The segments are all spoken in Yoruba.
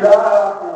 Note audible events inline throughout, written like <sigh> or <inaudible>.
cuidar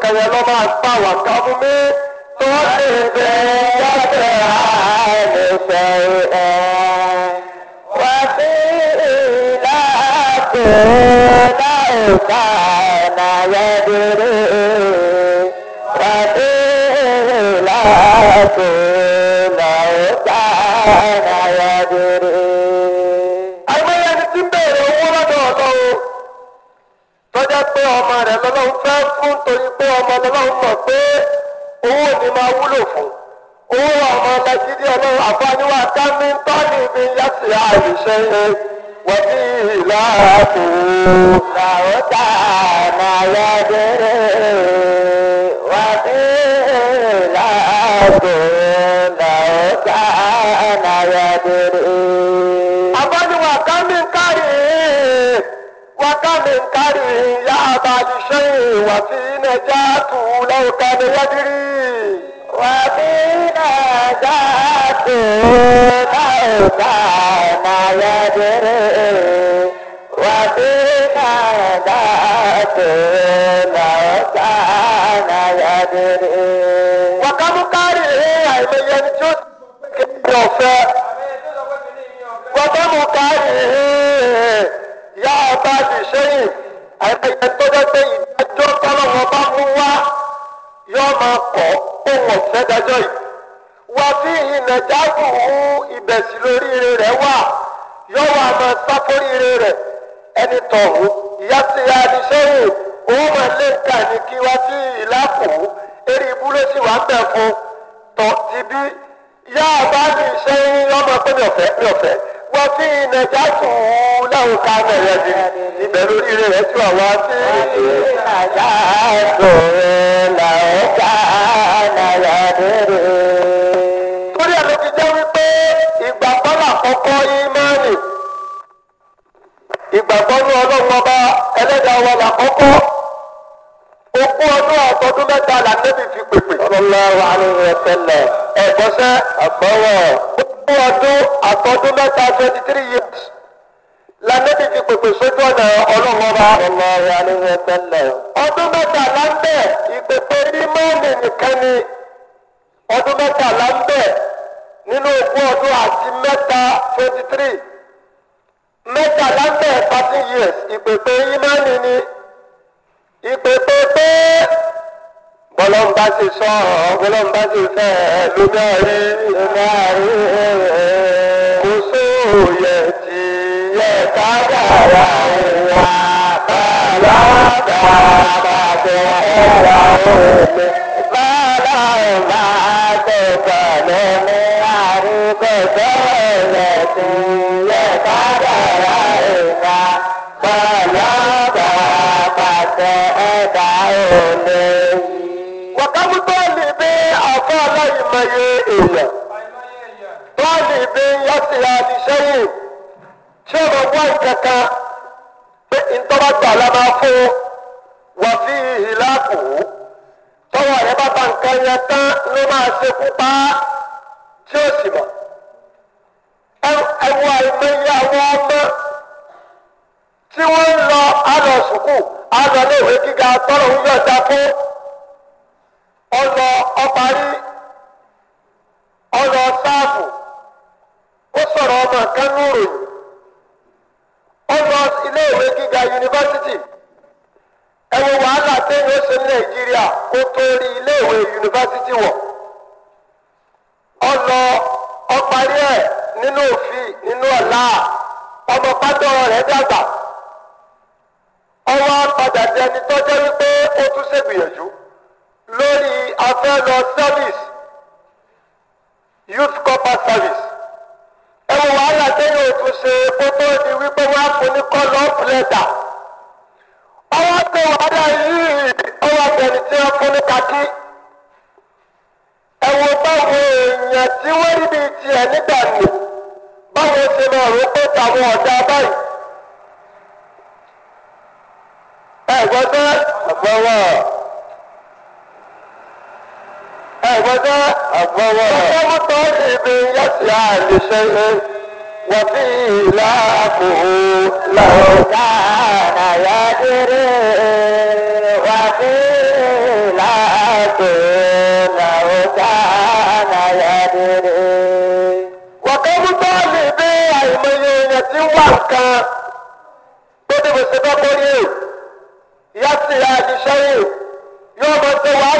nǹkan yẹn lọ́ máa gbà wá ká fún mi. tó ti ṣe jáde àìlè fẹ́ ẹ̀ wá sí ìlà àti ìlà ìka ẹ̀nà yẹn dúró. ọlọ́run mọ̀ pé owó ni máa wúlò fún owó ọmọ nàìjíríà ọlọ́run àfáníwá kámíntọ́nì mi yàtì àìṣe wọ́bí ìlàkù làwọ́tà màyàdẹ́rẹ́ wọ́bí ìlàkù làwọ́tà màyàdẹ́rẹ́. àfáníwá kámíntọ́nì wákàmíntọ́nì. شيء وفي نجاته لو كان يدري وفي نجاته لو كان يدري وفي نجاته لو كان يدري وكم كاره àìmọye ẹni tí ó ti kéde ọ̀fẹ́ gbọ́dọ̀ mú kárìí yá ọba ti ṣẹ́yìn ẹ̀ẹ́dẹ́gbẹ́ pé ìdájọ́ tọ́lọ́wọ́ bá mú wá yọ máa kọ́ ohun ọ̀fẹ́ dájọ́ yìí wà fí ìnàjáàbù ń ìbẹ̀sí lóríire rẹ̀ wà yọ wà máa sá fóríire rẹ̀ ẹni tọ̀hún ìyá ti ya ni sẹ́yìn òun máa lé nǹka ní kí wá sí ìlàkù eré ibú ló sì wá bẹ̀ fún tọ̀ ti bí yá àbá ní sẹ́yìn yọ máa pé mi ọ̀fẹ́ mi ọ̀fẹ́ wọ́n fi nàìjà tù ú láwọn ká nàìjà sí ibẹ̀ lórí rẹ̀ tí wà wá sí. nàìjà tó rẹ̀ làwọ̀ká nàìjà dèrè. torí ẹ̀ ló fi jẹ́ wípé ìgbàgbọ́ làkọ́kọ́ ìmánì ìgbàgbọ́ ní ọlọ́run ọba ẹlẹ́dàá wa làkọ́kọ́ ogún ọdún àtọdún mẹ́ta làǹdẹ́bì fi pèpè. ọlọ́run wa ni wọ́n tẹ́lẹ̀ ẹ̀kọ́ṣẹ́ àgbọ̀wọ̀ ogún ọdún àtọdún mẹ́ta twenty three years lànàbí fi pèpè sójú ọ̀nà ọlọ́mọba ọlọ́ọ̀rẹ́ àníwọ̀n tẹ́lẹ̀. ọdún mẹ́ta láńbẹ̀ ìpèpè rímọ́ọ̀nì nìkan ni ọdún mẹ́ta láńbẹ̀ nínú ogún ọdún àti mẹ́ta twenty three mẹ́ta láńbẹ̀ thirteen years ìpèpè rímọ́ọ̀nì ni ìpèpè pé bọ́lọ́mbà ti sọ ọ́ bọ́lọ́mbà ti fẹ́ ẹ ló dárí ẹ dárí ẹ kò sóòyẹ tí yẹ ká dára wà bàbá bàbá bàbá ẹ̀rọ ọ̀gbẹ́ bàbá ọ̀gbà. tí o bá wá kankan pé ntọ́ba gbà la máa fún wà fi ìhìlá kù tọ́wọ́ rẹ bá ba nǹkan yẹn tán ló máa ṣekú pa tí o sì mọ̀ ẹwọ àìmọye àwọn ọmọ tí wọ́n ń lọ alọ sùkú alọ léèwé gíga tọ́lọ̀ ń yọ̀ọ̀dá fún ọlọ ọparí ọlọ sáàfù ó sọ̀rọ̀ ọmọ kan ní ó lọ iléèwé gíga yunifásitì ẹ wo wàhálà téèyàn ó ṣe ní nàìjíríà kó tó rí iléèwé yunifásitì wọ̀ ó lọ ó parí ẹ̀ nínú òfin nínú ọ̀la ọmọ pátó rẹ̀ dàgbà ọwọ́ padà di ẹni tó jẹ́ wípé ó tún ṣègbìyànjú lórí afẹ́ service youth corporate service gbogbo wàhálà sẹ́yìn òtún ṣe kó tó di wípé wọ́n á fún ní kọ́lù ọ̀fù lẹ́tà. ọwọ́ pé wàhálà yìí ọwọ́ bẹ̀rẹ̀ tí wọ́n fún ní kakí. ẹ̀wò báwo èèyàn tí wọ́n rí bíi tiẹ̀ nígbà nì báwo ṣe máa rò pé tàwọn ọ̀dà báyìí. ẹ gbọ́dọ̀ àgbọ̀wọ̀ ẹ gbọ́dọ̀ àgbọ̀wọ̀ ọ̀pọ̀ mọ́tò ìbí yẹn ti àlè وقيلامه لو كان يدري وقيلته لو كان يدري وقوم طالب àìmọye tí wà kan tó ti bèsè bẹ́ẹ̀ kórè yá sí ya ṣiṣẹ́ yìí yóò máa ṣe wàá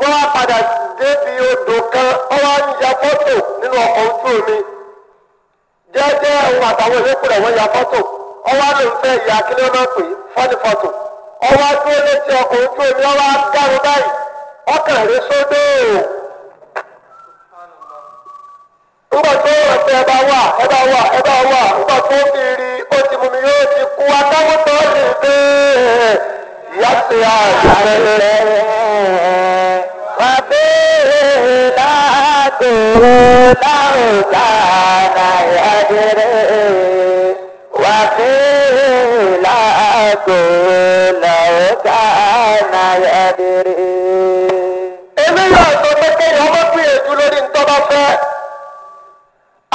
wọ́n á padà débi odò kan wọ́n á ya fọ́tò nínú ọkọ̀ ojú omi jẹ́jẹ́ òun àtàwọn ìyókù rẹ̀ wọ́n ya fọ́tò wọ́n á lòun fẹ́ ya kí ló máa pè fọ́nì fọ́tò wọ́n á dúró létí ọkọ̀ ojú omi wọ́n á dárò báyìí ọkàn rẹ̀ sódò. nígbà tó rẹ̀ pé ẹ bá wà ẹ bá wà ẹ bá wà nígbà tó fi rí ó ti mú mi yóò ti kú adágúntàn lè dé ìyá ti àjẹrẹ. كان يدري وقيل أقول لو كان يدري eléyìí ọ̀sán tó kéde ọmọ gbìyànjú lórí ntọ́ba fẹ́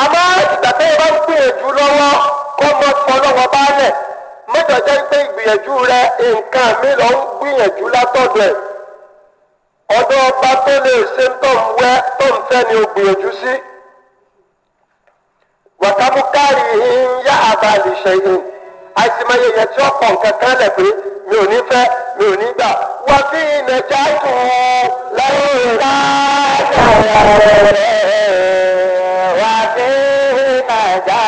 àmọ́ ìgbàgbé bá ń gbìyànjú lọ́wọ́ kó mọ ọlọ́wọ́ bá lẹ̀ mọ́tọ̀jẹ́ pé ìgbìyànjú rẹ nǹkan mi lọ ń gbìyànjú ọba tó lè ṣe tó ń wẹ́ tó ń fẹ́ ni ó sí wàkàbùkárì yìí yá àbálì ṣẹ́yìn àìsìmọye yẹn tí wọ́n pọ̀ nǹkan kan lẹ̀ pé mi ò ní fẹ́ mi ò ní gbà wà sí ìnẹ̀jà ìtùn lẹ́yìn ìlà wà sí ìnẹ̀jà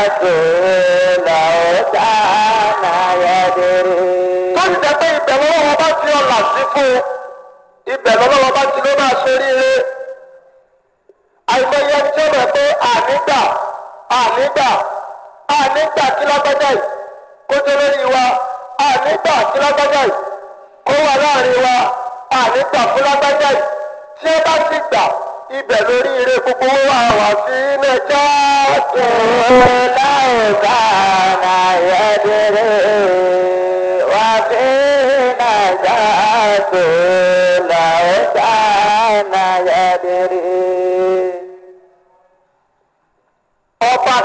ìtùn lọ́jà náà yẹ́dẹ̀rẹ́. tó ti dẹ́ pé ibẹ̀ lọ́wọ́ bá ti ọ̀là sí fún ibẹ̀ lọ́wọ́ bá ti ló máa ṣe rí i àìmọye tí ó mọ̀ pé ànígbà ànígbà ànígbà kí lágbájá yìí kó tó lórí wa ànígbà kí lágbájá yìí kó wà láàrin wa ànígbà fún lágbájá yìí tí ẹ bá ti gbà ibẹ̀ lórí ire gbogbo wa wà sí mẹ́jọ tó láìka náírà dèrè wà sí náírà tó.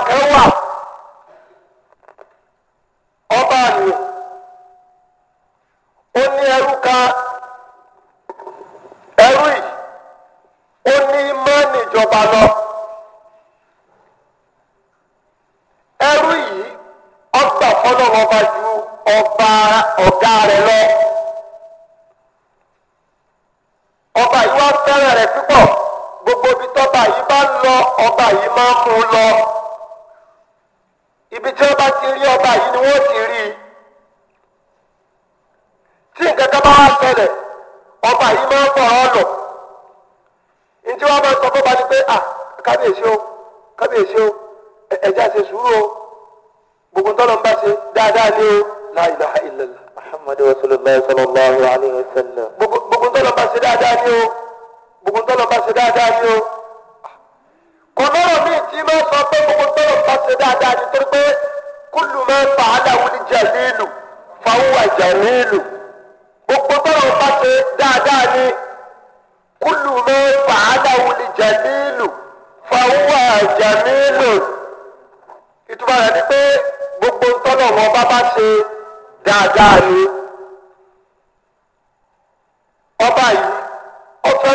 kan wà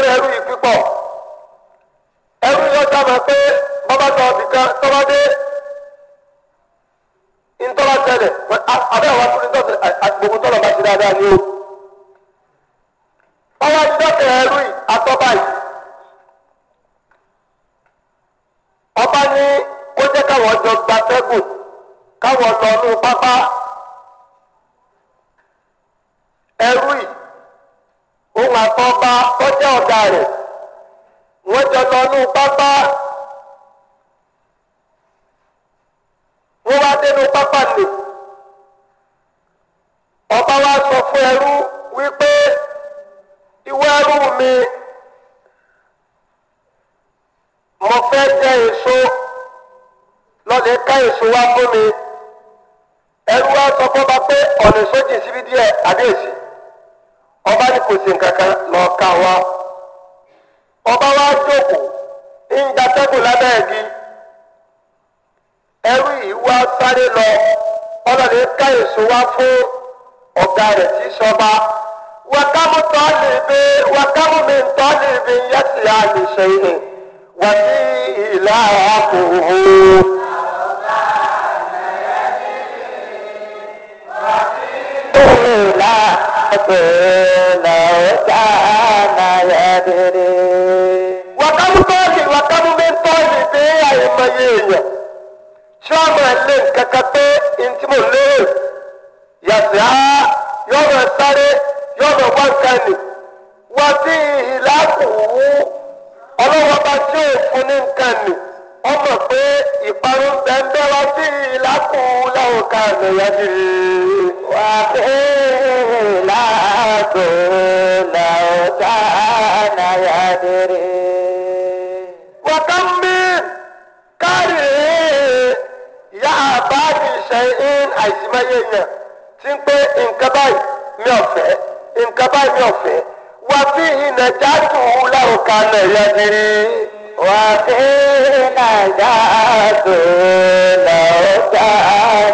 lẹ́rú yìí bí èèyàn ṣé wọn máa lé kankan pé n tí mo lérò yàtì á yọ máa sáré yọ máa wá nǹkan nì wá sí ìhìlá kù wú ọlọ́wọ́ bá tí ò fún ní nǹkan nì ọmọ pé ìparun bẹ́ẹ̀ wá sí ìhìlá kù láwọn kan nìyẹn ni wà sí ìhìlá kù láwọn kan. ṣẹ́yìn àìsímáyé èèyàn ti ń pé nǹkan báyìí mi ọ̀fẹ́ nǹkan báyìí mi ọ̀fẹ́ wà fi ìnà jáàtù láwọn kan náà yá kiri. wà fi ìnà jáàtù láwọn kan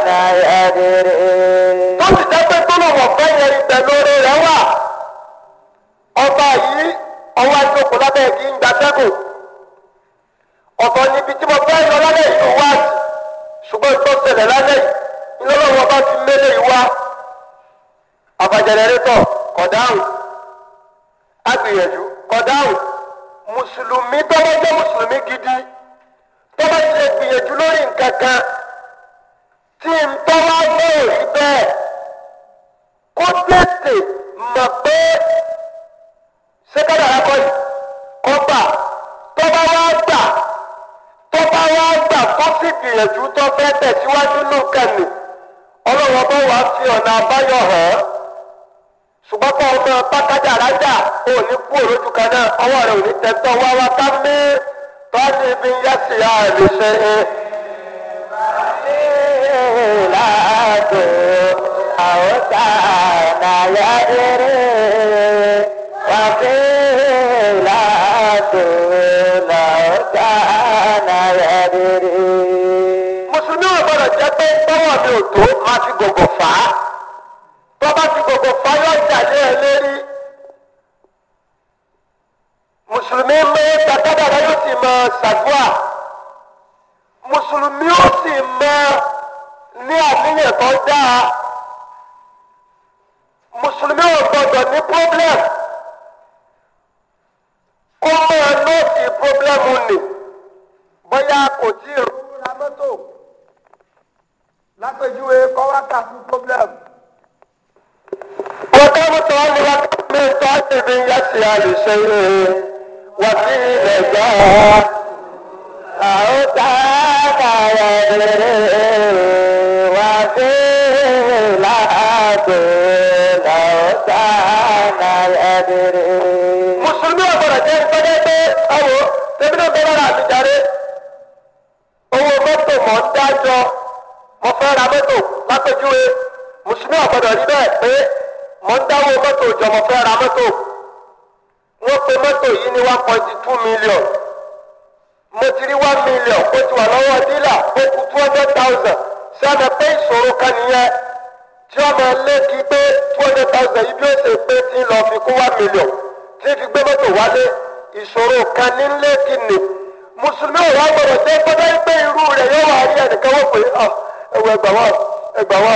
náà yá kiri. tó sì jẹ́ pé tó fẹ́ yẹn ibẹ̀ lórí rẹ̀ wà ọba yìí ọwọ́ àjọkùn lábẹ́ kí n gbàtẹ́kù ọ̀tọ̀ níbi tí mo fẹ́ lọ lálẹ́ ìlú wáàsì ṣùgbọ́n ìtọ́sẹ̀lẹ̀ lálẹ́ ìlọ́lọ́wọ́ bá ti mélé ìwá àbàjẹ̀rẹ̀rẹ́tọ̀ kọ̀dáhùn agbìyànjú kọ̀dáhùn mùsùlùmí tọ́lá jẹ́ mùsùlùmí gidi tọ́lá ti lè gbìyànjú lórí nǹkan kan tí ń tọ́lá náà rí bẹ́ẹ̀ kó tètè mọ̀ pé ṣé kádàrá kọ́ yìí kọ́ gbà tọ́lá wá gbà gbìyànjú tó fẹ́ tẹ̀síwájú ló kẹ̀mí ọlọ́run ọba wa fi ọ̀nà àbáyọ hàn án ṣùgbọ́n kọ́ ọmọ pátájà rájà ò ní kú òrojú kan náà ọwọ́ rẹ̀ ò ní tẹ̀tọ́ wá wá ká mí tọ́jú ibi yẹ́sì á lè ṣe é. láàbò àwọn sáà náà yá eré. ọwọ́ mi ò tó má fi gògò fà á tó bá fi gògò fà á yóò jàlé ẹ lérí mùsùlùmí mọ takádàrá yóò sì mọ ṣàdúrà mùsùlùmí ó sì mọ ní àníyàn tó dáa mùsùlùmí ò gbọdọ̀ ní problem kó mọ nọ́ọ̀sì problem nì bóyá kò tí ì rú ra lápèjúwe kọ́wákà fún problem. wọ́tẹ́wọ́ tó wá lọ́wọ́ mi tó á ti fi yá sí àlùṣe rẹ̀ wà sí ilẹ̀ gbà á. àwọn tá a kà rẹ̀ rẹ̀ wà sí ìlàgbé àwọn tá a kà rẹ̀ rẹ̀. mùsùlùmí ọ̀gbọ̀nà jẹ́ ìpẹ́jẹ́ pé ọ̀wọ́ tẹ́bí náà bẹ́ẹ̀ rà àtijọ́ rẹ̀ owó mọ́tò mọ́ ń dájọ́ fẹ́ ra mọ́tò lápèjúwe mùsùlùmí ọ̀gbọ́dọ̀ rí bẹ́ẹ̀ pé mo ń dáwó mọ́tò ìjọba fẹ́ ra mọ́tò wọ́n pe mọ́tò yìí ní one point two million mo ti rí one million ó ti wà lọ́wọ́ dílà ó kù two hundred thousand sẹ́ni pé ìṣòro kan nìyẹn tí wọ́n máa lé kí pé two hundred thousand yìí bí ó ṣe pé tí ń lọ fi kún one million tí fi gbé mọ́tò wálé ìṣòro kan ní lé kí ni mùsùlùmí ò wá gbọ́dọ̀ ṣe gbọ́dọ̀ pé irú rẹ̀ yóò wá rí ẹnìkan wọ́n pè ah, ẹwọ ẹgbà wà ẹgbà wà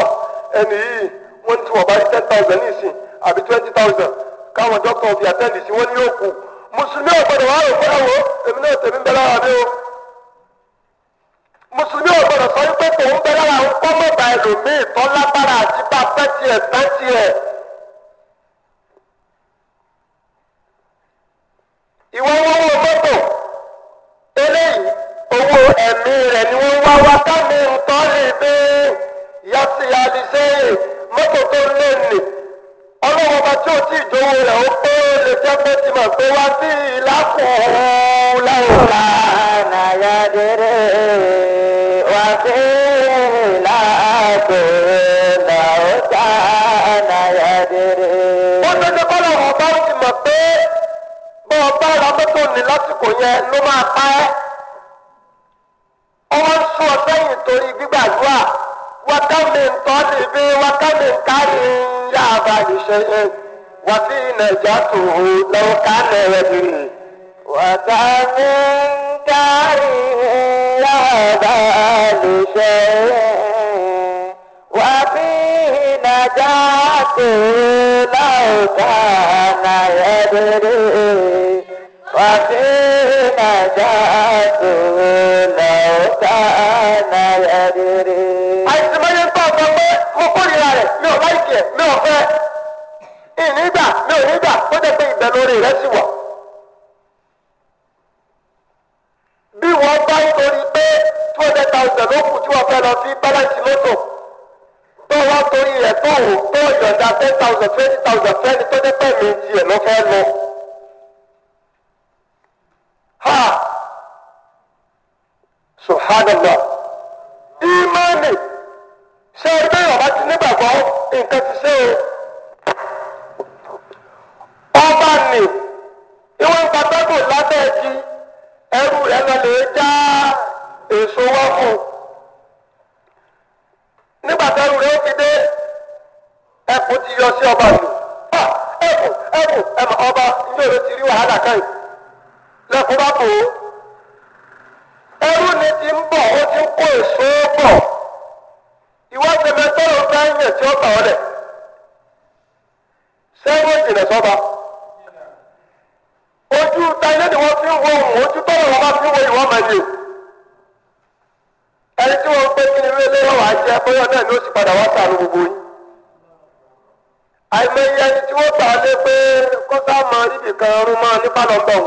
ẹnì yìí wọ́n ní tí wọ́n bá ten thousand nísìn àbí twenty thousand káwọn doctor, fi àtẹ́ǹdì sí wọ́n ní yóò kú mùsùlùmí ọ̀gbọ́dọ̀ wà á rò fẹ́ràn wò èmi náà tèmi bẹ́ẹ̀ lára mi o mùsùlùmí ọ̀gbọ́dọ̀ sọ wípé tòun bẹ́ẹ̀ lára ń kọ́ mọ̀gbà ẹlòmíì tọ́ lágbára àti bá pẹ́ tiẹ̀ pẹ́ tiẹ̀. ìwọ wọ́n wọ mọ́tò eléyìí owó ẹ̀mí rẹ̀ ni wọ́n wá wá kámi nǹkan lè dé yàtì mọ́tò tó lé nì ọlọ́wọ́ bá tí ò tí ìjọwọ́ rẹ̀ ó pé lè jẹ́ pé ti mà pé wá sí ìlàkùn láwùlá nàyà dèrè wá sí ìlàkùn làwùlá nàyà dèrè. wọ́n tó ṣe kọ́lọ̀ wọn bá ti mọ̀ pé bọ́ọ̀ bá ra mọ́tò ní lásìkò yẹn ló máa pa ọwọ́ sún ọ sẹ́yìn torí gbígbàdúrà wákàmì ntọ́ níbi wákàmì nkárí yá abàlì ṣe é wàtí nàìjà tó o lọ́wọ́ ká nàìjà bìrì. wákàmì nkárí yá abàlì ṣe é wàtí nàìjà tó o lọ́wọ́ ká nàìjà bìrì. wàtí. ìnígbà mi ò nígbà ó jẹ́ pé ìbẹ̀ lórí rẹ̀ sì wà. bí wọ́n bá ń torí pé two hundred thousand ló kù tí wọ́n fẹ́ lọ sí báláǹsì lọ́tọ̀ tó wọ́n torí rẹ̀ tó wò tó yọ̀ǹda ten thousand twenty thousand fẹ́ni tó jẹ́ pé tiẹ̀ ló fẹ́ lọ. ha subhanallah imani ṣe ẹgbẹ́ yàrá ti nígbàgbọ́ nǹkan ti ṣe o. tí wọ́n ń patọ́tò lábẹ́ ẹtì ẹrú rẹ̀ lọ lè já èso wá fún un. nígbà tẹ́rù rẹ̀ ó fi dé ẹkùn ti yọ sí ọba ìlú ẹkùn ẹkùn ẹmọ ọba ilé rẹ̀ ti rí wàhálà káyìí lẹ́kùn bá bò ó. ẹrú ni ti ń bọ̀ ó ti ń kó èso bọ̀ ìwọ́sẹ̀mẹ́tọ́rọ̀ fẹ́ yẹ̀ tí ó gbà ọ́ lẹ̀ sẹ́wọ́n jìnà sọ́ba. ojú tó wọn bá fi wo ìwọ máa yẹ ẹni tí wọn pé kí ni lélẹ wọn wàá jẹ bóyá náà ni ó sì padà wá sàánú gbogbo yìí àìmọye ẹni tí wọn gbà lé pé kọsá máa ríbi kan ọrùn máa nípa lọ́gbọ̀n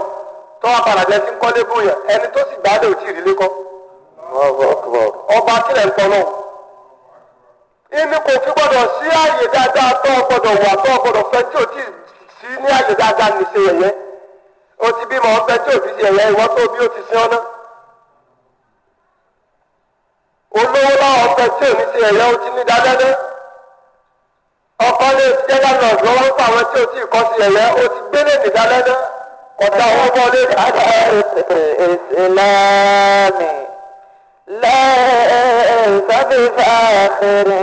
tó wà pàdàjẹ tí ń kọ́ lé bóyá ẹni tó sì gbà lé òtí ìrìlé kọ́ ọba kílẹ̀ ń pọ̀ náà ìní kò fi gbọ́dọ̀ sí àyè dáadáa tó gbọ́dọ̀ wà tó gbọ́dọ̀ fẹ́ tí ò tí sí ní àyè dáadáa nìṣe yẹ̀yẹ́ o ti bímọ ọbẹ tí o ti di ẹ̀yà ìwọ tó bí o ti sin ọ́nà olówó láwọn ọbẹ tí o ní ti ẹ̀yà o ti ní dáadáa ọkọ lè jẹ́ lánà lọ́wọ́ nípa àwọn tí o ti kọ́ sí ẹ̀yà o ti gbé lè ní dáadáa kọ̀dá ọwọ́ bọ́ lè ní dáadáa. ìsìlámì lẹ́ẹ̀ẹ́sì sábẹ́ fàáfẹ́rẹ́.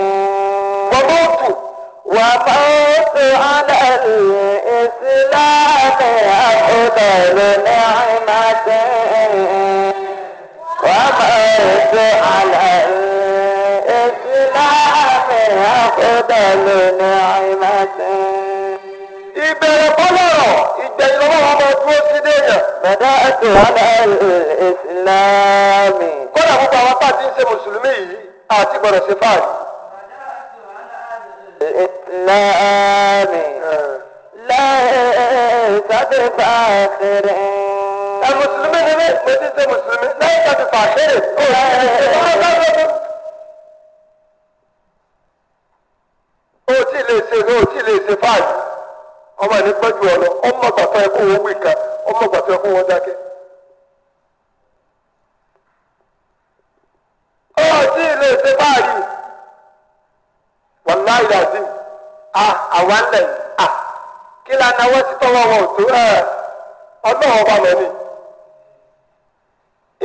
bọ́bọ́ tù. وفوت على الإسلام أفضل نعمة وفوت على الإسلام أفضل نعمة ìbẹ̀rẹ̀ bọ́lọ̀rọ̀ ìgbẹ̀yìn lọ́wọ́ ọmọ dúró sí déèyàn. bàdá àti wàhálà ìsìlámì. kódà gbogbo àwọn tá a ti ń ṣe mùsùlùmí yìí àti gbọ́dọ̀ ṣe fáàlì. الإسلام ليس بفاخر المسلمين ليه ما تنسى مسلمين ليس بفاخر ó tí lè ṣe ní ó tí lè ṣe fáàlì ọmọ ẹni gbẹ́jú ọ lọ ọmọ gbàtọ́ ẹkún wọn wí kan ọmọ gbàtọ́ ẹkún wọn dákẹ́. ó tí lè ṣe fáàlì wàláì làdí à àwa ń lẹ̀ à kí la náwó ti tọ́wọ́ wọn ò tó ẹ̀ eh, ọlọ́wọ́ wa lọ ni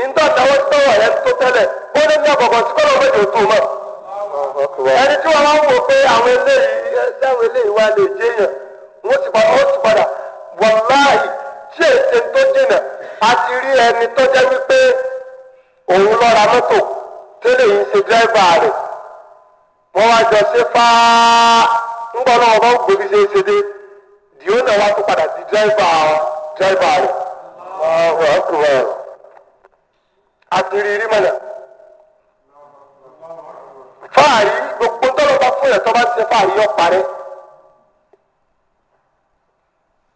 ìńtọ́ náwó ti tọ́wọ́ rẹ tó tẹ́lẹ̀ ó ní ní ọ̀bọ̀bọ̀ tí kọ́lọ́ méjì ò tó mọ̀ ẹni tí wọ́n wá ń wò pé àwọn eléyìí táwọn eléyìí wá lè jẹ́ èèyàn wọ́n ti padà wọ́n ti padà wàláì tí èsè tó dènà a ti rí ẹni tó jẹ́ wípé òun lọ́ra mọ́tò tẹ́lẹ̀ yìí ṣe dírẹ́fà wọ́n wá jọ ṣe fáá ńgbọ́n náà wọ́n gbé bí ṣe é ṣe dé dìó náà wá tún padà di dírẹ́fà dírẹ́fà rẹ̀ ọ̀rọ̀ ọ̀kùnrin ọ̀rọ̀ àtìrí rí mọ̀nà. fáàrí gbogbo tọ́lọ́ bá fún ẹ̀tọ́ bá ti ṣe fáàrí yọ parẹ́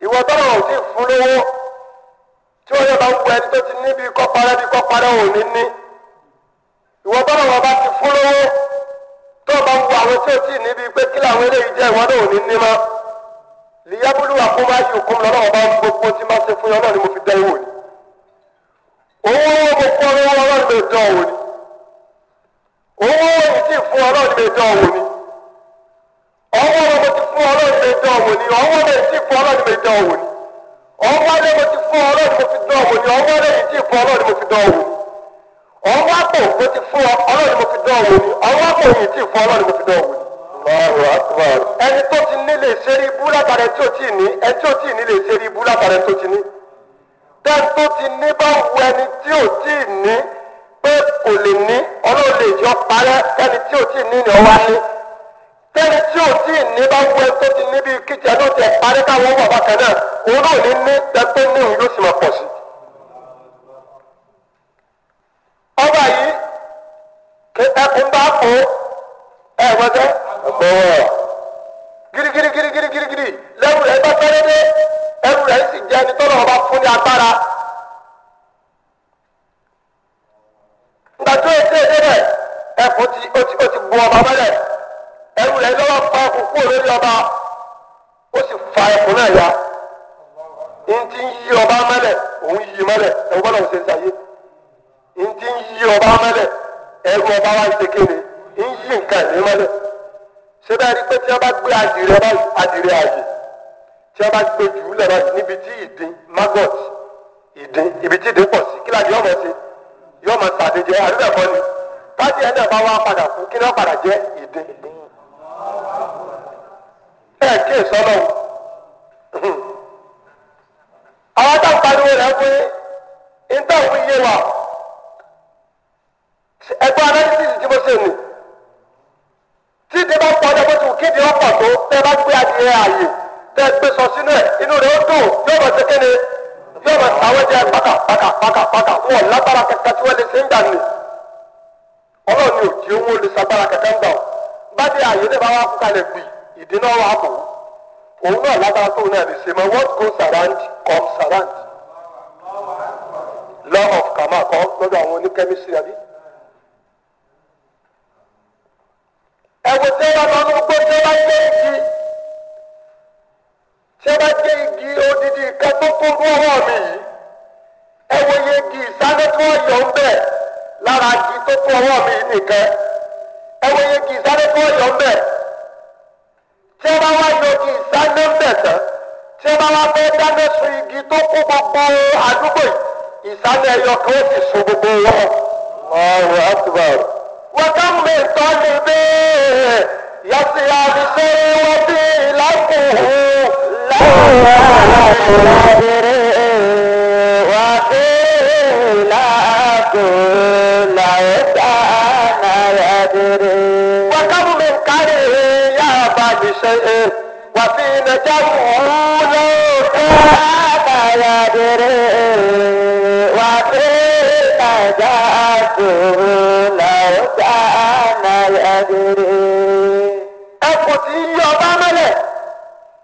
ìwọ tọ́lọ́ ò tí ì fún lówó tí wọ́n yẹ bá ń gbọ́ ẹni tó ti ní kọ́ parẹ́ bí kọ́ parẹ́ òní ní ìwọ tọ́lọ́ wọn bá ti fún lówó. ọlọ́run bá a àwọn tí ó tì níbi pé kí làwọn eléyìí jẹ́ ìwọ́n náà ò ní ní mọ́ lìyẹ́bùlù àkómáyé òkun lọ́lọ́run bá gbogbo tí máa ṣe fún yọ náà ni mo fi ni owó owó mo kọ́ owó ọlọ́run lè dán ni owó owó mi ti fún ọlọ́run lè dán ni ọwọ́ mo mo ti fún ọ ọlọ́run mo ti dán wò ni ọwọ́ kò yìí ti fún ọlọ́run mo ti dán wò ni. Allahu Akbar. ẹni tó ti ní lè ṣe rí ibú látara ẹni tí ò tí ì ní ẹni tí ò tí ì ní lè ṣe rí ibú látara ẹni tó ti ní. tẹ́ni tó ti ní bá wu ẹni tí ò tí ní pé kò lè ní ọlọ́run lè jọ parẹ́ ẹni tí ò tí ní ni ọwá ní. tẹ́ni tí ò tí ní bá wu ẹni tó ti ní bíi kíjẹ ló tẹ parẹ́ káwọn wọ̀ bákan náà òun náà ní ní tẹ́ tó ní òun yóò sì máa pọ̀ sí i. ọba yìí ẹkùn bá kó ẹ gbọ́dọ̀ gbọ́wọ́ girigiri girigiri girigiri lẹ́rù rẹ̀ bá pẹ́rẹ́ dé ẹrù rẹ̀ sì jẹ́ ẹni tọ́lọ̀ ọba fún ní agbára. gbàtú ètè débẹ̀ ẹkùn ti ó ti ó ti bu ọba mẹ́lẹ̀ ẹrù rẹ̀ lọ́wọ́ pa ẹkùn kúrò lórí ọba ó sì fa ẹkùn náà ya. ní ti ń yí ọba mẹ́lẹ̀ òun yí mẹ́lẹ̀ ẹ̀wọ́n náà ó ṣe ń n ti ń yí ọba mẹ́lẹ̀ ẹrú ọba wa ṣe kéde ń yí nǹkan ìní mẹ́lẹ̀ ṣé bẹ́ẹ̀ ni pé tí wọ́n bá gbé adìrẹ báyìí adìrẹ àyè tí a bá gbé jù lẹ̀ báyìí níbi tí ìdin maggot ìdin ibi tí ìdin pọ̀ sí kí láti yọ̀mọ̀ sí yọ̀mọ̀ tàdéjẹ àdúgbò ni káàdì ẹ̀ náà bá wá padà fún kí náà padà jẹ́ ìdin. ẹ kí èso náà àwọn táwọn pariwo rẹ̀ pé ń yé wa. sì nì tí ìdí bá pọ̀ ọdún tó kéde ọ̀pọ̀ tó tẹ́ bá gbé adìyẹ ààyè tẹ́ gbé sọ sínú ẹ̀ inú rẹ̀ ó dùn yóò mọ̀ sí kéde yóò mọ̀ sáwọ́ jẹ́ pàkà pàkà pàkà pàkà wọ́n lágbára kẹ̀kẹ́ tí wọ́n lè ṣe ń gbà nì ọlọ́run ò jí owó lè sagbára kẹ̀kẹ́ ń gbà ọ́ bá dé ààyè tẹ́ bá wá fún kalẹ̀ gbì ìdínà wà bò òun náà lágbára tóun náà lè ṣe mọ́ what goes around comes around law of kama kọ́ lọ́dọ̀ àwọn oníkẹ́mísírì àbí ẹ̀wò tí wọ́n lọ nínú gbogbo tí wọ́n gbé igi tí wọ́n gbé igi odidi nǹkan tó kún fún ọwọ́ mi yìí ẹ̀wò yẹ igi ìsálẹ̀ tí wọ́n yọ ń bẹ̀ lára igi tó kún ọwọ́ mi nìkan ẹ̀wò yẹ igi ìsálẹ̀ tí wọ́n yọ ń bẹ̀ tí wọ́n bá wá yọ igi ìsálẹ̀ ń bẹ̀ tán bá wá fẹ́ dáná sun igi tó kún gbogbo àdúgbò yìí ẹyọ kan ó sì sun gbogbo wọn. Allahu Akbar. وكم من صلب يسعى بثروتي لقه لا أدري وقيل كل إنسان يدري وكم من كره يأبى بشيء وفي نجمه لو كان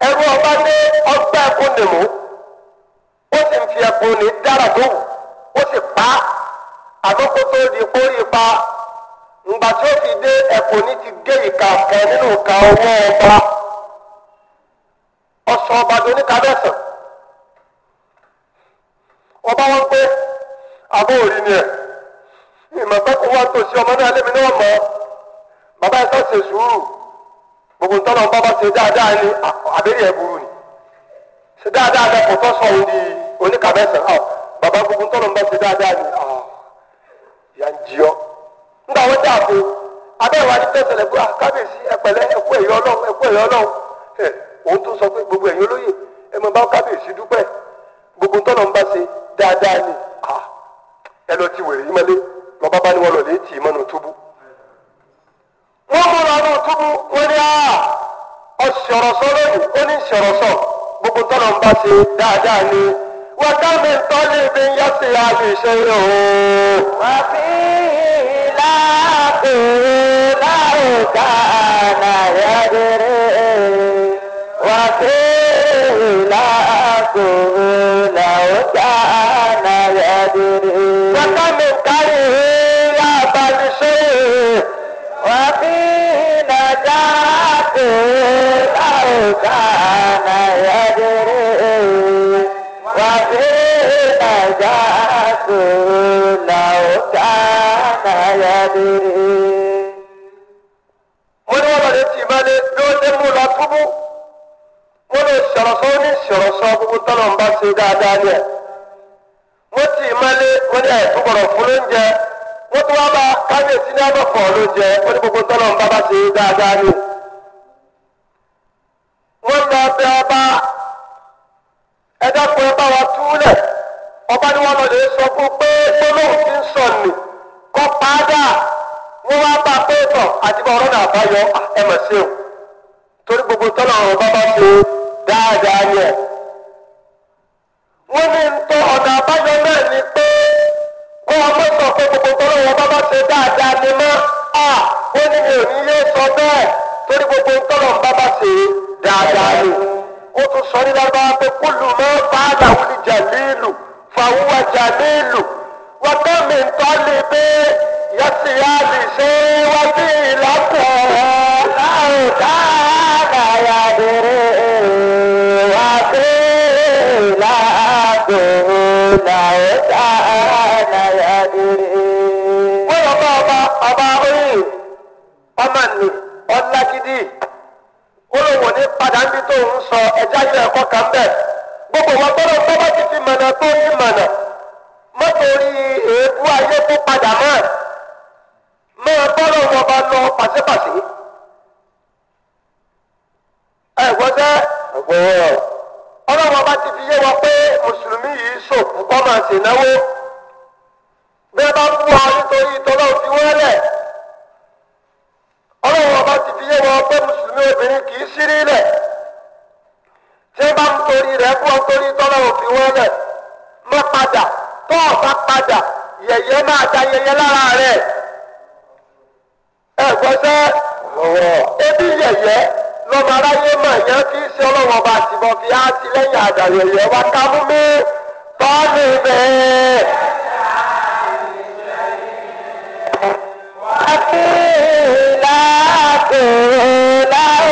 ẹrú ọba ní ọgbà ẹkún ni mú ó sì ń fi ẹkún ní dára tó wù ó sì pa di kórè pa ǹgbà tí ó fi dé ẹkún ní ti gé ìka kẹ nínú ìka ọwọ́ ọba ọsọ ọba tó ní kábẹ́sàn ọba wọn pé àbó òrì ni ẹ ìmọ̀ pẹ́kù wá tòsí ọmọ náà lémi náà mọ́ gbogbo tọ́lọ̀ bá bá ṣe dáadáa ni àbẹ́rẹ́ ẹ̀ burú ni ṣe dáadáa bẹ́ẹ̀ kò tọ́ sọ òdi oníkàbẹ́sẹ̀ ọ̀ bàbá gbogbo tọ́lọ̀ bá ṣe dáadáa ni ìyá ń jí ọ. nígbà wọ́n dààbò abẹ́rẹ́ wa ní tẹ̀sẹ̀lẹ̀ bú àkábíyèsí ẹ̀pẹ̀lẹ́ ẹ̀kú ẹ̀yọ́ ọlọ́run ẹ̀kú ẹ̀yọ́ ọlọ́run ẹ̀ òun tó sọ pé gbogbo ẹ̀yin olóyè ẹ máa bá kábíyèsí dúpẹ́ gbogbo tọ́lọ̀ ń bá ṣe dáadáa ni ẹ lọ ti wèrè yí mọ́lé lọ́ba bá ní wọn lọ lè tì í mọ́nu túbú wọ́n mú lọ nù túbú wọ́n ní àá ọ̀ṣọ̀rọ̀sọ lónìí ó ní ìṣọ̀rọ̀sọ gbogbo tọ́lọ̀ ń bá ṣe dáadáa ni wọ́n dá mi tọ́ ní ibi yẹn sì ra àbí ìṣe rẹ̀ o. wà fi láàbù láòkà nàyà rẹ̀ وكان يدري وفيه نجاة لو كان يدري wọ́n ní wọ́n lọ́dẹ tì í balẹ̀ bí wọ́n dé mú lọ túbú wọ́n lè sọ̀rọ̀sọ́ ní sọ̀rọ̀sọ́ gbogbo tọ́lọ̀ ń bá ṣe dáadáa ní ẹ̀ wọ́n tì í malẹ̀ wọ́n ní àìsàn gbọ̀rọ̀ fún lóúnjẹ wọ́n tún wá bá kábíyèsí ní àbọ̀fọ̀ lóúnjẹ wọ́n ní gbogbo tọ́lọ̀ ń bá bá ṣe dáadáa ní ẹ̀ wọ́n lọ bẹ ọba ẹ̀dá kan bá wa túlẹ̀ ọba ni wọ́n lọ lè sọ fún pé gbólóhùn ti ń sọ nù kọ́ padà wọ́n wá bá pé tọ̀ àti bá ọlọ́dà àbáyọ ẹ̀mọ̀ sí o torí gbogbo tọ́lá ọ̀rọ̀ bá bá ṣe dáadáa ni ẹ̀. wọ́n ní ntọ́ ọ̀nà àbáyọ náà ni pé wọ́n wá mọ̀ sọ pé gbogbo tọ́lá ọ̀rọ̀ bá bá ṣe dáadáa ni mọ́ à wọ́n ní mi ò ní yé sọ bẹ́ẹ̀ torí gbogbo tọ́lá ọ̀rọ̀ bá bá ṣe é dáadáa ni ó tún sọ ní lábára pé kúlù mọ́ fáàlà òní jàlílù fàwùwà jàlílù wọ́n tẹ́ mi ń tọ́ lé pé yẹ́sì yá lè ṣe wá sí ìlàkùn láàrú dáadáa yà bèrè wá sí ìlàkùn láàrú dáadáa yà bèrè. wọ́n lọ bá ọba ọba oyin ọmọ nì ọlágídí àdáńbí tó ń sọ ẹja ṣe ẹ̀kọ́ kan bẹ́ẹ̀ gbogbo wọn gbọ́dọ̀ gbọ́dọ̀ ti ti mọ̀nà tó ti mọ̀nà mọ́tòrí èébú ayé tó padà mọ́ máa gbọ́dọ̀ wọn bá lọ pàṣípàṣí. ẹ gbọ́dọ̀ ọlọ́wọ́n bá ti fi yé wọn pé mùsùlùmí yìí ṣòkú kọ́ máa ṣènáwó bí ẹ bá bú ọ nítorí ìtọ́lọ́ fi wọ́n lẹ̀ ọlọ́wọ́n bá ti fi yé wọn pé mùsùlùmí obìnrin kì í ṣírí lẹ̀ tí bá ń torí rẹ̀ bú ọ torí tọ́lá òfin wọn lẹ̀ má padà tó ọ̀bá padà yẹ̀yẹ́ máa da yẹ̀yẹ́ lára rẹ̀ ẹ gbọ́sẹ́ ebi yẹ̀yẹ́ lọ́mọ aráyé mọ̀ yẹn kì í ṣe ọlọ́wọ́ bá tìbọn fi á ti lẹ́yìn àdà yẹ̀yẹ́ wá ká mú mi tọ́lú bẹ́ẹ̀. wàá fi láàbò.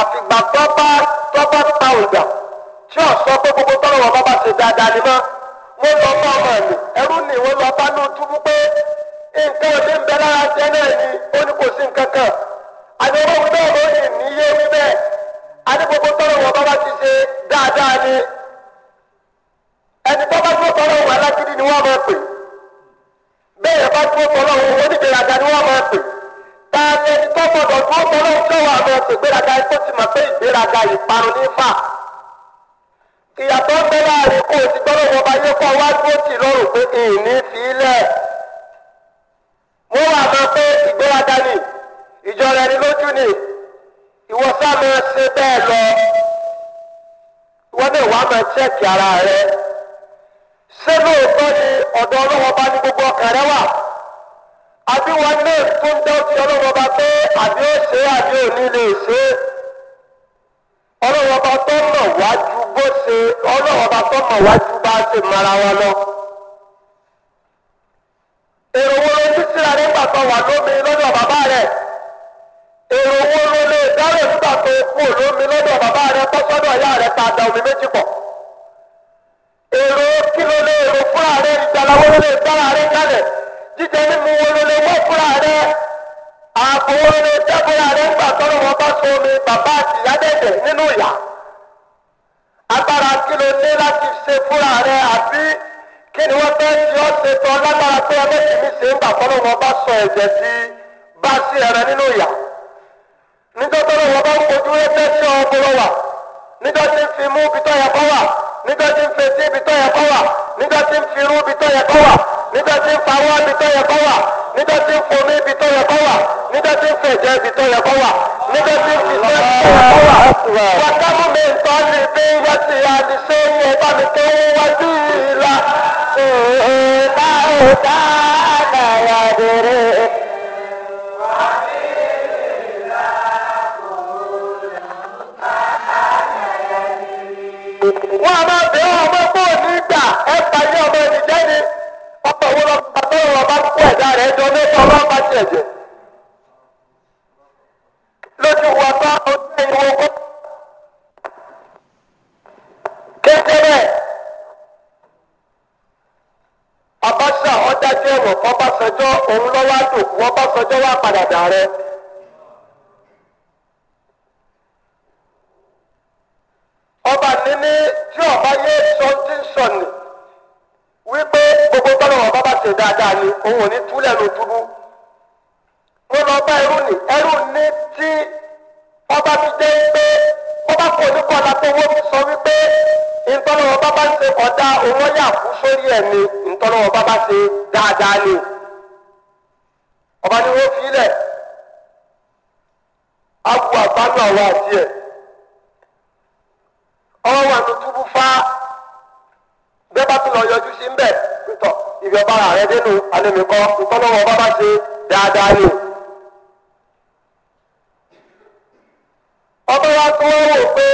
àfìgbà tọ́ba tọ́ba pa ìgbà tí ò sọ pé gbogbo tọ́lọ̀ wọn bá ṣe dáadáa ni mọ́ wọ́n lọ bá ọmọ ẹ̀mí ẹrú ni wọ́n lọ bá ní túbú pé nǹkan òde ń bẹ lára ṣe náà ni ó ní kò sí nǹkan kan àdéhùn wí bẹ́ẹ̀ ló yìn ní yé wí bẹ́ẹ̀ àdé gbogbo tọ́lọ̀ wọn bá bá ti ṣe dáadáa ni ẹni tọ́ba tó tọ́lọ̀ wọn alágídí ni wọ́n máa pè bẹ́ẹ̀ bá tó tọ́lọ̀ wọn oníkèrè ni wọ́n máa pè tààtẹ tó gbọdọ̀ tó gbọdọ̀ kẹwàá lọ sí ìgbéraga tó ti mọ̀ pé ìgbéraga ìparun ní fà. ìyàtọ̀ ń bẹ láàrin kó o ti gbọ́dọ̀ wọ bá yẹ kó wá dúró tì lọ́rùn pé ìní fi lẹ̀. mo wà máa pé ìgbéraga ni ìjọra ẹni lójú ni ìwọ sáà máa ṣe bẹ́ẹ̀ lọ ìwọ náà wàá máa ṣẹ́ẹ̀kì ara rẹ ṣé lóòótọ́ ni ọ̀dọ̀ ọlọ́wọ́ bá ní gbogbo ọkàn rẹ wà àbí wọn náà tún dá sí ọlọ́run ọba pé àbí ó ṣe àbí ò ní lè ṣe ọlọ́run ọba tó mọ̀ wájú bó ṣe ọlọ́run ọba tó mọ̀ wájú bá ṣe mara wa lọ. èrò wo ló ti síra nígbà tó wà lómi lọ́dọ̀ bàbá rẹ̀ èrò wo ló lè dárò nígbà tó kú lómi lọ́dọ̀ bàbá rẹ̀ tọ́sọ́dọ̀ ìyá rẹ̀ ta da omi méjì pọ̀ èrò kí ló lè èrò fúnra rẹ̀ ìjàlá wo ló lè dára rẹ̀ kalẹ̀ jíjẹ mímu wo àpòwọ́ ní tẹ́kọ̀ọ́ rẹ̀ ń gbà tọ́lọ́ wọn so omi bàbá àti ìyá dẹ̀dẹ̀ nínú agbára kí ló láti ṣe fúnra àbí kí ni wọ́n fẹ́ ṣe ọ́ bá sọ ẹ̀jẹ̀ sí bá sí ẹ̀rẹ̀ nínú ìyá níjọ́ tọ́lọ́ wọn bá ń kojú ẹgbẹ́ sí ọgbọ́n wà níjọ́ tí ń fi mú ibi tó yẹ kọ́ wà níjọ́ tí ń fetí ibi tó yẹ kọ́ wà níjọ́ tí ń firú ibi tó yẹ nígbà tí ń fẹ̀jẹ̀ ibi tó yẹ kó wà nígbà tí ń fi tó yẹ kó wà. wàtámù mi ń tọ́ ni bí wọ́n ti yá ni ṣé iye bá mi tó ń wájú yìí la. ìhìnbá ò dá àgàyà dèrè. wọ́n a máa bẹ̀rẹ̀ ọmọ fún òní gbà ẹ pàdé ọmọ ìdíjẹ́ ni ọmọ òun lọ́ọ́ bá bá kú ẹ̀dá rẹ̀ jọ ní ọmọ bá tiẹ̀ jẹ́ lójú wa bá ojú ẹ̀yìn wọn kékeré Abacha ọjà jẹ́ ẹ̀wọ̀n kọ́ Ọbásanjọ́ òun lọ́wọ́ àdùnkù Ọbásanjọ́ wà padà dà rẹ̀. ẹrú ni ẹrú ọba ti jẹ́ pé ọba kò ní kọ́lá tó wọ́n ti sọ wípé ntọ́lọ́wọ́ bábá ń ṣe ọ̀dà owó yà sórí ẹ̀ ni ntọ́lọ́wọ́ bábá ṣe dáadáa ni ọba ni wọ́n fi lẹ̀ agbo àgbájú àwọn àti ẹ̀ ọwọ́ wà tó túbú fá bẹ́ẹ̀ bá lọ yọjú sí ń bẹ̀ pẹ̀tọ̀ ìgbẹ́ dénú alẹ́ mi kọ́ ọba wa tó wọ́n wò pé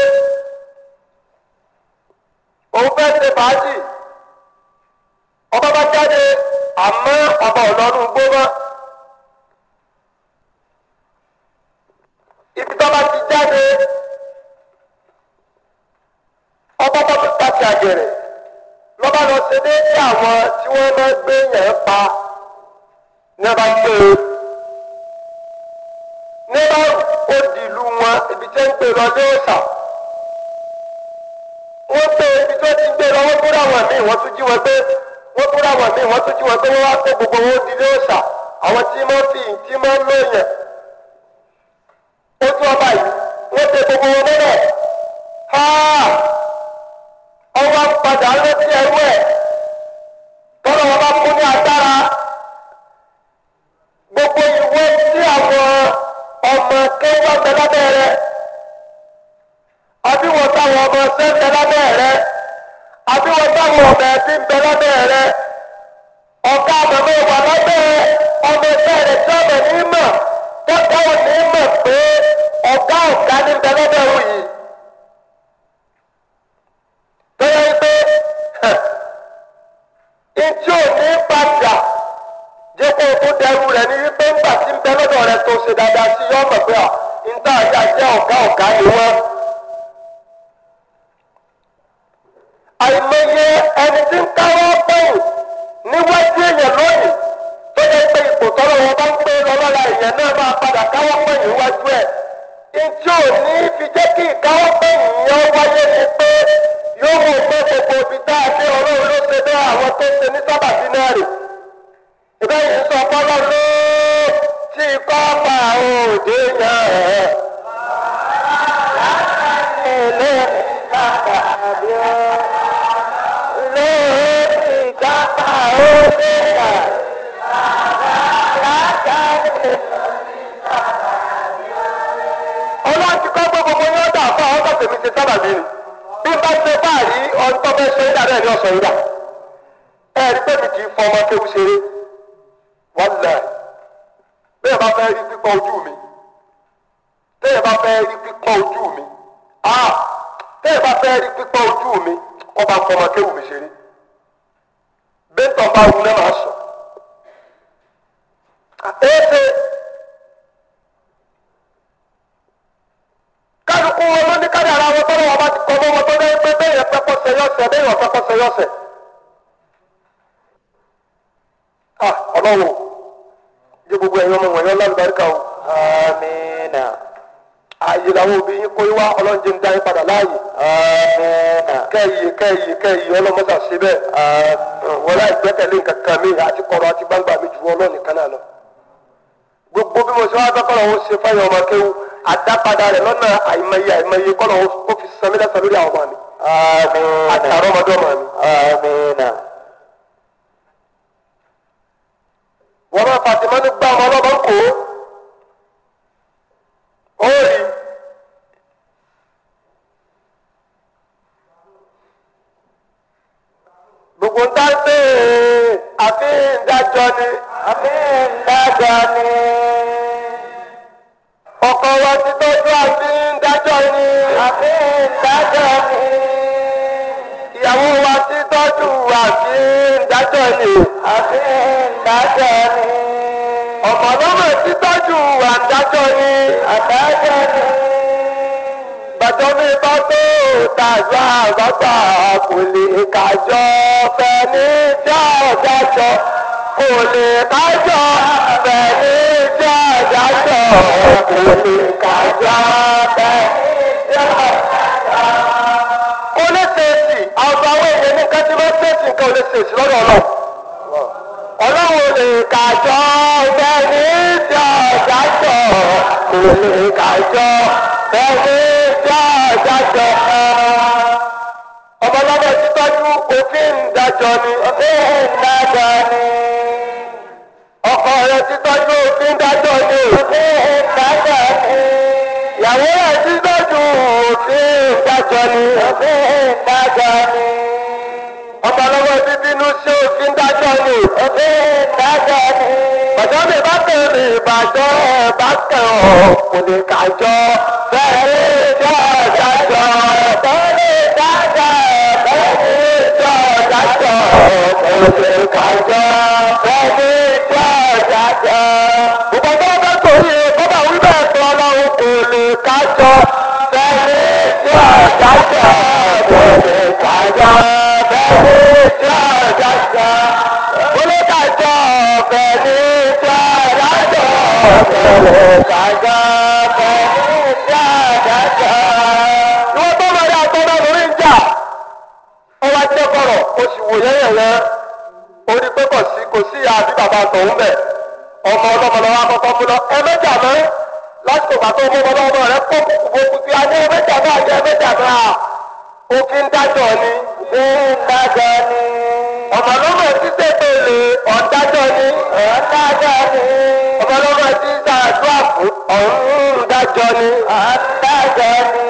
òun fẹ́ ṣe fàájì ọba bá jáde àmọ́ ọba ọ̀lọ́run gbóná. ibi tó bá ti jáde ọba tó ti pàṣẹ àgẹ̀rẹ̀ lọ́ba lọ ṣe déédéé àwọn tí wọ́n máa gbé yẹn pa ní ọba gbé ṣe ń pè lọ́jọ́ ọ̀sà wọ́n gbé ibi tó ti gbé lọ wọ́n kúrò àwọn míì wọ́n tún jí wọn pé wọ́n kúrò àwọn míì wọ́n tún jí wọn pé wọ́n wá pé gbogbo wọn di lọ́sà àwọn tí máa fi ìdí máa ń lóyè ojú ọba yìí wọ́n pe gbogbo wọn mọ́lẹ̀ ha ọwọ́ padà lọ́sí ẹrú ẹ̀ tọ́lọ́ wọn bá kú ní agbára gbogbo ìwé tí àwọn ọmọ kéwọ́n tẹ lábẹ́ táwọn ọmọ sẹ́sẹ̀ lábẹ́ rẹ àti wọn táwọn ọ̀bẹ ti ń bẹ lábẹ́ rẹ ọ̀gá àmọ̀mọ́ wà lábẹ́ ọmọ ẹgbẹ́ rẹ tí ọmọ ní mọ̀ tọ́ka ò ní mọ̀ pé ọ̀gá ọ̀gá ní bẹ lábẹ́ òun yìí. tọ́lá yìí pé ìjọ <laughs> ní padà jẹ́ kó o kó dẹrù rẹ̀ ní wípé ńgbà tí ń bẹ lọ́dọ̀ rẹ tó ṣe dáadáa sí yọ ọmọ à ń tà yà jẹ́ ọ̀gá ọ̀gá ni wọ́n. àìmọye ẹni tí ń káwọ́ bẹ́yìn níwájú èèyàn lónìí tó yẹ pé ipò tọ́lọ́ wọn bá ń pé lọ́lọ́la èèyàn náà máa padà káwọ́ bẹ́yìn wájú ẹ̀ ìjọ ní fi jẹ́ kí ìkáwọ́ bẹ́yìn yẹn wáyé ni pé yóò mú ọgbẹ́ gbogbo ibi tá a ṣe ọlọ́run ló ṣe bẹ́ẹ̀ àwọn tó ṣe ní sábàbí náà rè ìbẹ́yìn sọ fọ́lọ́ ló ti kọ́ pa òde yẹn. Ilé ìtajà. tèmi ti sábà mi ni bí bá ṣe báyìí ọtọ bẹ ṣe dàdá ẹni ọsàn yìí dà ẹ rí pé mi kì í fọmọ kéwu ṣeré wọn lẹ bẹ́ẹ̀ bá fẹ́ rí pípọ̀ ojú mi bẹ́ẹ̀ bá fẹ́ rí pípọ̀ ojú mi ah bẹ́ẹ̀ bá fẹ́ rí pípọ̀ ojú mi ọba fọmọ kéwu mi ṣeré bẹ́ńtọ̀ bá wù náà máa sùn. àtẹ́sẹ̀ kálukú wọn ló ní kárí ara wọn tọ́lọ́ wọn bá ti kọ́ mọ́ wọn tó dẹ́ pé bẹ́ẹ̀ yẹn pẹ́pọ́ sẹ́yọ́sẹ̀ bẹ́ẹ̀ yẹn pẹ́pọ́ sẹ́yọ́sẹ̀. Ah, ọlọ́wọ́ jẹ́ gbogbo ẹ̀yọ́ mọ̀ wọ̀nyọ́ lálùbáríkà o. amiina ààyè làwọn òbí yín kó wá ọlọ́njẹ́ ń dá yín padà láàyè. kẹ́yì kẹ́yì kẹ́yì ọlọ́mọdà ṣe bẹ́ẹ̀. wọ́n láì gbẹ́kẹ̀lé nǹkan kan mi àti kọ̀rọ̀ àti gbangba mi jù ọlọ́ọ̀ nìkan náà lọ. gbogbo bí mo ṣe wá dọ́kọ̀rọ̀ ó ṣe fáyọ̀ ọmọ kéwu àdápadà rẹ̀ lọ́nà àìmọye àìmọye kọ́nà ó fi san mí lẹ́sàn lórí àwọn ọmọ mi. àtàrọ̀ ọmọdé ọmọ mi. wọ́n máa fàtìmọ́ nígbà ọmọ ọlọ́mọ ó rí gbogbo ń dágbé e, àfi ìdájọ́ ni àfi ìdájọ́ ni ọkọ wa ti tọ́jú àfi ìdájọ́ ni àfi ìdájọ́ ni ìyàwó wa ti tọ́jú àfi ìdájọ́ ni àfi ìdájọ́ ni ọmọ ti ìwà dájọ́ ni àtẹ́jẹ́ ni gbàtọ́ mi bá tó tàgbà àgbàgbà kò lè kájọ fẹ́ ní já ọ̀dájọ́ kò lè kájọ fẹ́ ní já ọ̀dájọ́ kò lè kájọ fẹ́ ní já ọ̀dájọ́. kó lè ṣèṣì àwọn ọ̀sán àwọn èèyàn ní kẹ́tí bá ṣèṣì nǹkan ò lè ṣèṣì lọ́dọ̀ ọlọ́run ọlọ́run nìkan jọ bẹ́ẹ̀ni jọ jájọ kò nìkan jọ bẹ́ẹ̀ni jọ jájọ. ọmọlọ́wọ́ ti tọ́jú òfin ìdájọ́ ni òfin ìdájọ́ ni. ọkọ rẹ̀ ti òfin ìdájọ́ ni òfin ìdájọ́ ni. ìyàwó rẹ̀ ti òfin ìdájọ́ ni òfin ìdájọ́ ni. ọmọlọ́wọ́ ti bínú sí òfin lò. Ẹbí dájọ́ ni. Bàjọ́ mi bá tẹ̀ mí ìbàjọ́ ẹ̀ bá tẹ̀ ọ̀ kò lè kàjọ́. Bẹ́ẹ̀ ni ìjọ ìdájọ́. Bẹ́ẹ̀ ni ìdájọ́. Bẹ́ẹ̀ ni ìjọ ìdájọ́. Kò lè kàjọ́. Bẹ́ẹ̀ ni ìjọ ìdájọ́. Ìbàjọ́ bá torí bọ́bá wí bẹ́ẹ̀ sọ ọlọ́run kò lè kàjọ́. Bẹ́ẹ̀ ni ìjọ ìdájọ́. Kò lè kàjọ́. Bẹ́ẹ̀ ni ìjọ ìdájọ́ pẹ̀lú pàdájọ́ pẹ̀lú kàjá pẹ̀lú dáadáa. Wọ́n tó máa dá tọ́lá lórí ń jà. Ó wá jẹ́ kọ̀rọ̀, o sì wò yẹ́yẹ̀ yẹn. O ní pé kò sí kò sí àbí bàbá tòun bẹ̀. Ọmọ ọlọ́mọ lọ́wọ́ akọ́kọ́ fún lọ. Ẹ mẹ́jà mọ́ lásìkò bàtọ́ ọmọ ọmọ ọmọ rẹ pọ̀ kúkú tí a ní ẹ mẹ́jà náà ní ẹ mẹ́jà náà. O kí ń dájọ́ ni. Ní ń dájọ́ ni ọmọlọ́mọ ti tètè lè ọ̀dájọ́ ni. ọ̀dájọ́ ni. ọmọlọ́mọ ti sàdúrà fún ọ̀rúndájọ́ ni. ọ̀dájọ́ ni.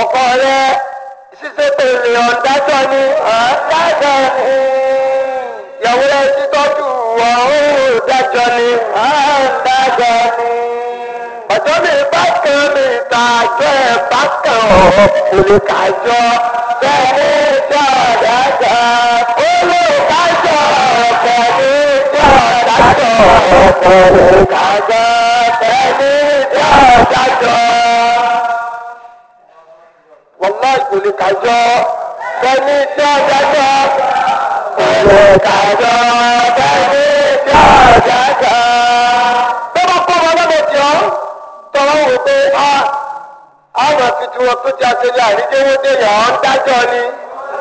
ọkọ rẹ ṣíṣe tèlè ọ̀dájọ́ ni. ọ̀dájọ́ ni. ìyàwó rẹ ti tọ́jú ọ̀rúndájọ́ ni. ọ̀dájọ́ ni. ọjọ́ mi bá àjọ ẹ̀fà kan ọ̀rọ̀ olùkájọ bẹ́ẹ̀ ní dọ̀dọ̀dọ̀ olùkájọ bẹ́ẹ̀ ní dọ̀dọ̀dọ̀ olùkájọ bẹ́ẹ̀ ní dọ̀dọ̀dọ̀. wọ́lá olùkájọ bẹ́ẹ̀ ní dọ̀dọ̀dọ̀ olùkájọ bẹ́ẹ̀ ní dọ̀dọ̀dọ̀. bẹ́ẹ̀ bá kọ́ ọmọ ọlọ́mọ tí ọ́ wò pé á ọmọ fi ti wọn tó ti aṣojú àrídéwó dèyà ọ̀ ń dájọ́ ni.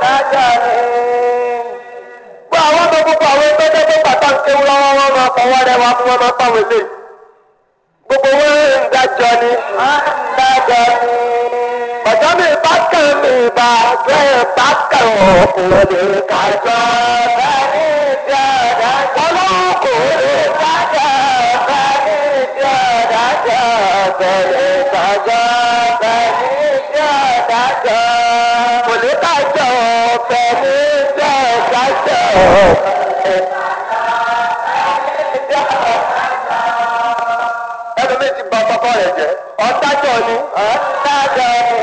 dájọ́ ni. pé àwọn ọmọ gbogbo àwọn ẹgbẹ́ tẹ́tẹ́ bàtà ń kéwú lọ́wọ́ wọn máa fọwọ́ rẹ wá fún wọn máa fáwọn eléyìí. gbogbo wọn ń dájọ́ ni. dájọ́ ni. bàtà mi bá kàn mí bá bẹ́ẹ̀ bá kàn ọ̀pọ̀ lè kájọ́ bẹ́ẹ̀ ni. ẹnu mi ti ba ọkọ rẹ̀ jẹ́ ọ̀dájọ́ ni ọ̀dájọ́ ni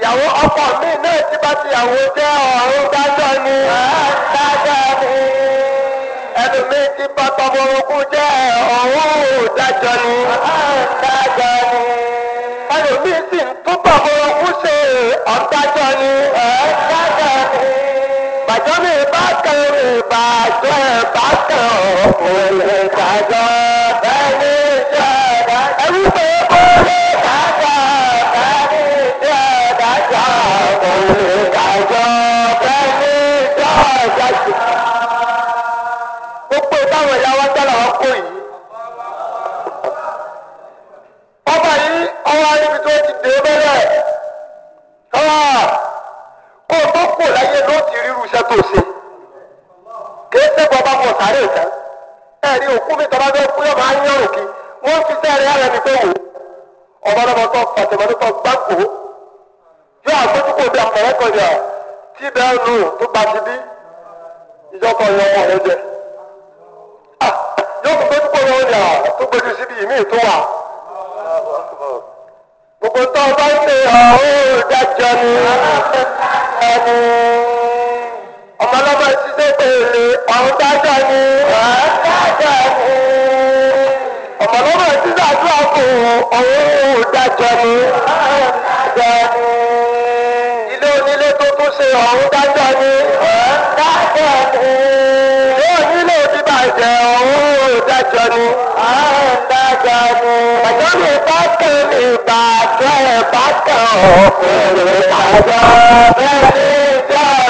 ìyàwó ọkọ mi náà ti bá ti yàwó jẹ́ ọ̀run dájọ́ ni ọ̀dájọ́ ni ẹnu mi ti ba tọmọ orogún jẹ́ ọ̀run dájọ́ ni ọ̀dájọ́ ni ẹnu mi sì ń tún tọmọ orogún ṣe ọ̀dájọ́ ni ọ̀dájọ́ sọ́mi ìbátan ìbátan ìbátan òkùnrin ìdájọ́ ẹni iṣẹ́ ẹ̀dá. ẹni pé ó lè dájọ́ ẹni iṣẹ́ ẹ̀dájọ́ òkùnrin ìdájọ́ ẹni iṣẹ́ ẹ̀dájọ́. gbogbo táwọn ìyá wa jẹ́ làwọn kó yìí. ọba yìí ọwọ́ ayébi tó ti dé bẹ́rẹ̀ tó ṣe kìí ṣe bọ́ bá fọ sàárè ìtàn ẹ̀rí òkú mi tọ́ bá fẹ́ fún máa ń yọ̀rùn kí wọ́n fi sẹ́ẹ̀rẹ́ ara mi pé wò ọmọdébọ̀tọ̀ fàtẹ̀mọ́dútọ̀ gbáko yóò àgbójúkò bí àpẹ̀rẹ́kọ̀yà tí bẹ́ẹ̀ nù tó gba ti bí ìjọba ọ̀yọ́ ọmọ rẹ jẹ. yóò fi gbójúkò yọ ọ̀yà tó gbójú síbi ìmí tó gbogbo tó o bá ń ṣe àwọn olùdájọ ni ẹni ọmọlọ́mọ ti dé pèlè ọ̀hún dájọ́ ni ọ̀hún dájọ́ ni ọmọlọ́mọ ti dájọ́ fún ọ̀hún dájọ́ ni ọ̀hún dájọ́ ni ilé onílé tó tún ṣe ọ̀hún dájọ́ ni ọ̀hún dájọ́ ni ilé onílé òbí bàjẹ́ ọ̀hún dájọ́ ni dájọ́ ni ẹ̀jọ́ mi bá kẹ́ mi bàjẹ́ bá kẹ́ ọ̀hún bàjẹ́ bẹ́ẹ̀ ni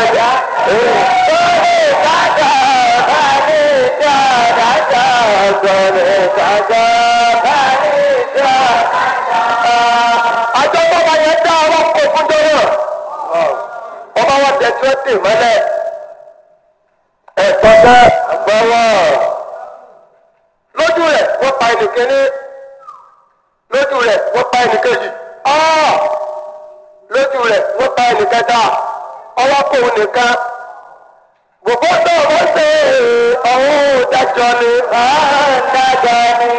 ọjà ìfọdé kájà bàdé jà kájà ọ̀gọ̀dẹ̀ kájà bàdé jà kájà. àjọ bàbá yẹn dá ọwọ́ kó fún dọ́rọ̀ ọba wọn tẹ̀ tí wọ́n tì mọ́lẹ̀ ẹ̀tọ́ dá gbọ́wọ́ lójú rẹ̀ wọ́n pa ẹnìkẹ́ni lójú rẹ̀ wọ́n pa ẹnìkejì ọ́ lójú ọwọ́ kò nìkan gbogbo tó o bá ṣe ọ̀hún dájọ́ ni dájọ́ ni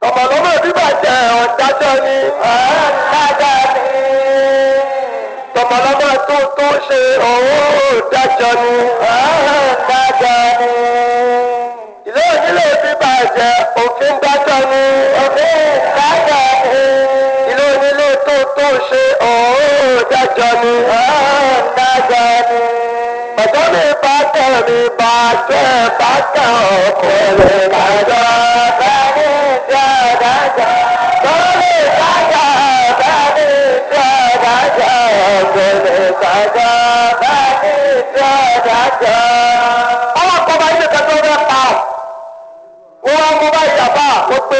tọmọlọmọ bíbàjẹ́ ọ̀dájọ́ ni dájọ́ ni tọmọlọmọ tó tó ṣe ọ̀hún dájọ́ ni dájọ́ ni ilé onílé bíbàjẹ́ òfin dájọ́ ni. ọjọ́ ni ẹ̀ẹ́dẹ́gbẹ́ ni. Bàtọ́ mi bá tẹ̀ mi bá tẹ̀ bá tẹ̀ ọkọ̀ rẹ̀ bàjọ́ bẹ́ẹ̀ni jẹ́ bàjọ́. Lórí bàjọ́ bẹ́ẹ̀ni jẹ́ bàjọ́ ọkọ̀ rẹ̀ bàjọ́ bẹ́ẹ̀ni jẹ́ bàjọ́. Àwọn akọba yìí nìkan Wọ́n wá mú bá ìjàmbá wọ́n pe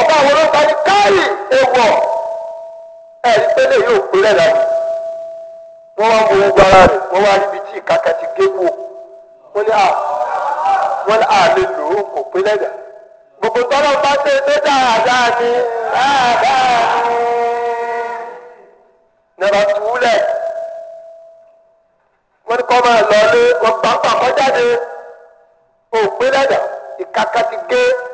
ọba àwọn ọlọ́pàá ní káyì ewọ ẹ̀rí pẹ́lẹ́ yóò pé lẹ́la ni wọ́n wá wo gbára rẹ̀ wọ́n wá níbi tí ìkàkà ti gé kú wọ́n ní à wọ́n ní à lè lò ó kò pé lẹ́la gbogbo tọ́lọ́ bá dé dé dáadáa ni dáadáa ni nàbà túlẹ̀ wọ́n ní kọ́ máa lọ lé wọ́n bá pàkọ́ jáde ò pé lẹ́la ìkàkà ti gé kú.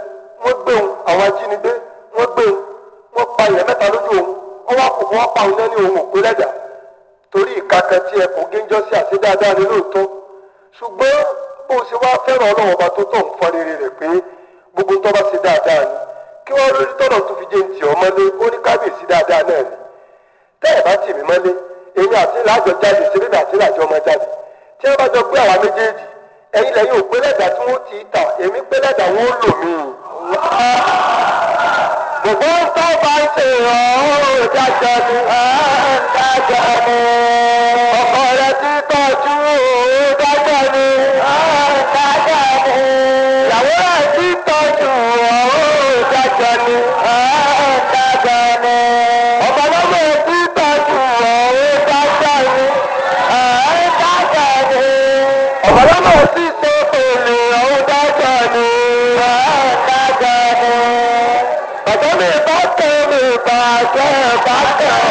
tí wọ́n pa iná ní ohun òpó lẹ́dà torí ìkaka tí ẹkùn gíńjọ́ sí àti dáadáa ni lóòótọ́ ṣùgbọ́n bó ṣe wá fẹ́ràn ọlọ́wọ́ ọba tó tọ̀ ń fọ́ rere rẹ̀ pé gbogbo tó bá ṣe dáadáa ni kí wọ́n lórí tọ̀nà tó fi jẹ́ ń tì ọ́ mọ́lé ó ní kábíyèsí dáadáa náà ni tẹ́ ẹ̀ bá tì mí mọ́lé èmi àti láàjọ jáde ṣe bíbí àti láàjọ ọmọ jáde tí wọ́n bá jọ pé àwa méjèèjì ẹ̀yin lẹ́yìn òpélẹ́dà tí wọ́n ti tà èmi pélẹ́dà wọ́n lò mí. Mustafa ṣe ọ̀hún jájọ ni à ń dájọ ni. Ọkọ rẹ ti tọ́jú òun dájọ ni à ń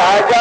Raja.